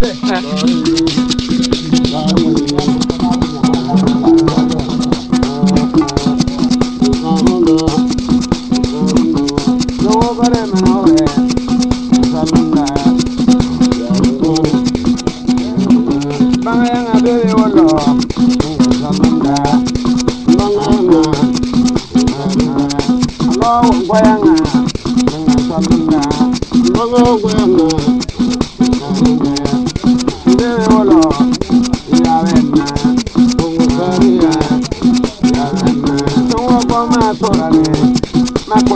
对。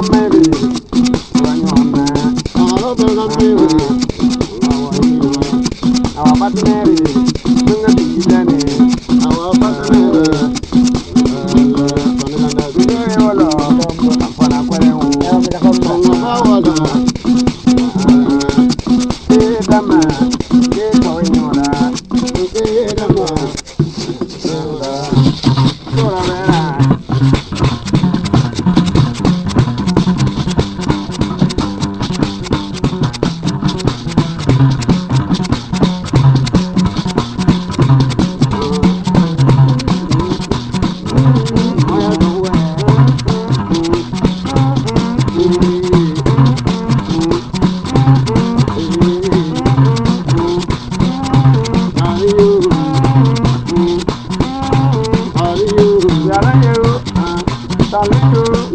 I'm madre.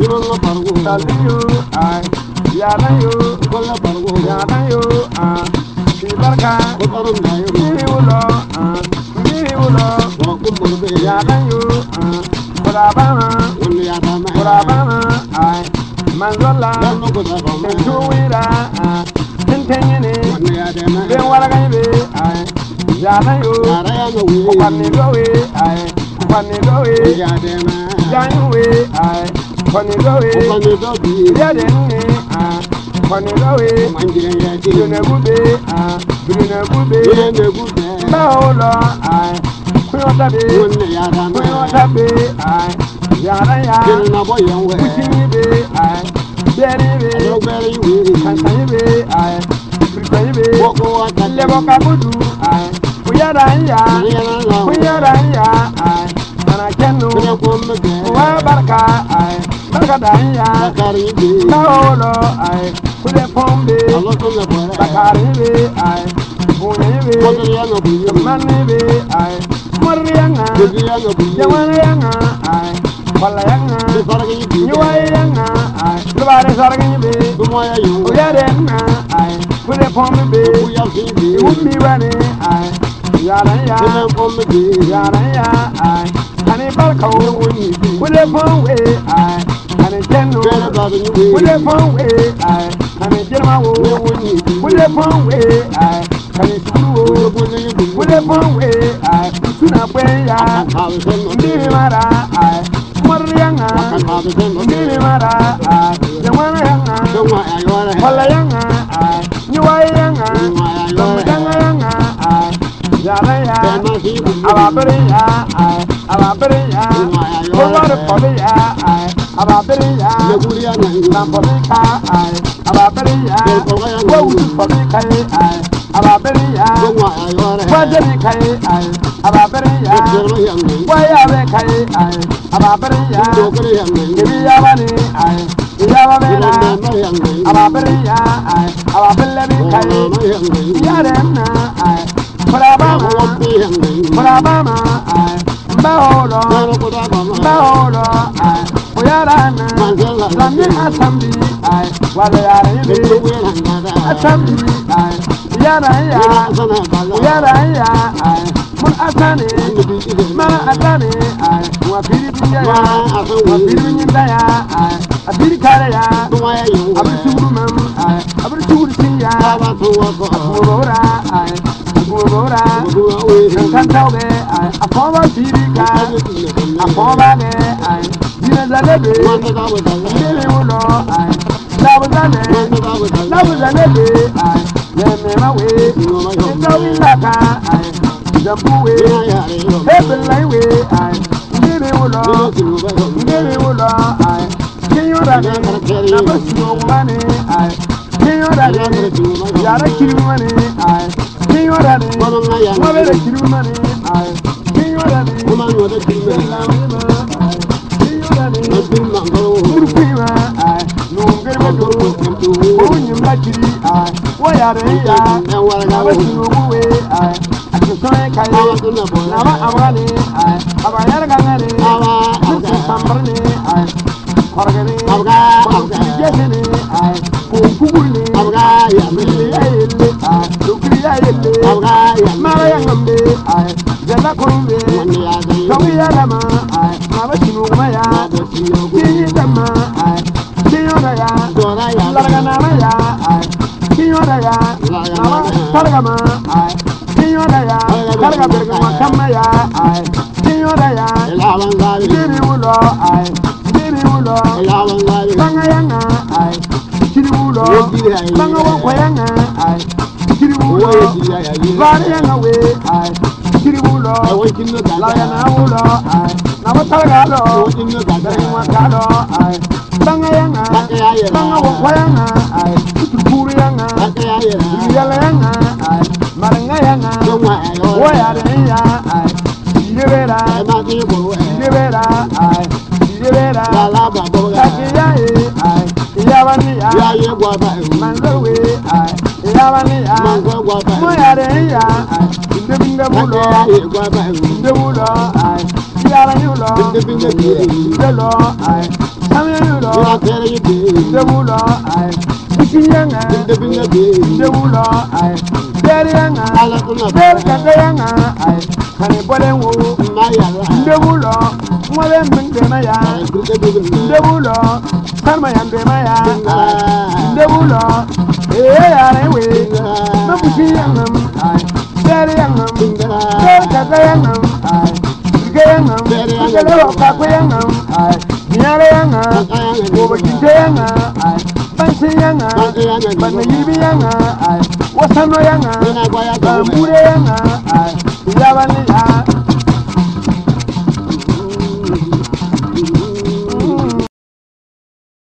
yolo pargo daldi yo ay I. yo golla pargo yana yo ah si barka ko tarum na yo mi wulo ah mi wulo ko kumbur be yana yo ah kurabana wuli yana kurabana ay manzola men tuwira ah tintenyene ben walaga be ay yana yo ko panni dowe ay ko panni dowe yana we ay kɔnigawe yɛde nne a kɔnigawe dunagube a dunagube mbawolɔ a kunyɔtabe kunyɔtabe a yaraya kusinyibe a bɛribe kansanyibe a kirikɔnyibe lɛbɔkabudu a kuyaranya kuyaranya a manakɛnu wa barika a. kadanya Tawolo ay kule pombe ay ay ay ay ay pombe ay ay Kawu pombe ay wúlé fún wèé àì kàní jẹ́nìmá wo wúlé fún wèé àì kàní sùkúrú wo wúlé fún wèé àì súnà pé ya ndíbi mara àì mọ́rọ́ yanga ndíbi mara àì nyamara yanga wàlá yanga àì nyiwáyé yanga i yanga àì yàrá ya àbàbẹ̀rẹ̀ ya àì àbàbẹ̀rẹ̀ ya wọ́n wá rẹ̀ kọ́lé ya àì. ababiriya leguriya nyanyi nampobika ai ababiriya wowutu pobika ye ai ababiriya wajerika ye ai ababiriya wayabe ka ye ai ababiriya ibiyabani ai iyaba bena ababiriya ai ababilebi ka ye yaremna ai kurabama kurabama ai mbaholo mbaholo ai yarana sami asambi ai wala yarani asambi ai yaran ya yaran ya ai mun asane mana asane ai wa biri biya ya wa biri nyinda ya ai abiri kare ya abiri tuguru mam ai abiri tuguru sin ya abubora ai abubora kankantawbe ai afoba biri ka afoba ne lebe mmiri ụlọ anyị labụzane labụzane be anyị na-emema wee ịnọghị n'aka anyị nzọpụ wee ebela iwe anyị mmiri ụlọ mmiri ụlọ anyị kinye ụra gị na mesiri omume anyị kinye ụra gị yara kiri mmiri anyị kinye ụra gị nwabere kiri mmiri anyị kinye ụra gị murukwiba nungerwe dokuntu unyumbakiri to abasinubuwe asosoekaye naba abgane abayargangane mirkusambrne korgene korgijehene kunkuburne mirliyayelle dukriyayelle mara yangambe jala kurumbe Kawi ya lama ai Mama sinu ma ya Kinyi dama ai Kinyora ya Larga nama ya ai Kinyora ya Mama targa ma ai Kinyora ya Targa birga ma kama ya ai Kinyora ya Biri ulo ai Biri ulo Banga yanga ai Kiri ulo Banga wakwa yanga ai Kiri ulo Bari yanga we ai kiri wulo laya na wulo ai na batal ga lo dari wa ga lo ai banga yanga banga wa kwa yanga ai tukuru yanga yala yanga ai maranga yanga wa ya de ya ai yebera yebera ai yebera la ba bo ga ya ai ya ba ni ai manzo we ai yaba ni ya mo yare ya ndebinge bulo ndebulo ai yara yulo ndelo ai samye yulo ndebulo ai ikinyanga ndebulo ai deriyanga derikandeyanga ai kani bolen wo ndebulo mwale mbengdema ya ndebulo sanma ya mbema ya ai dewula ee yare we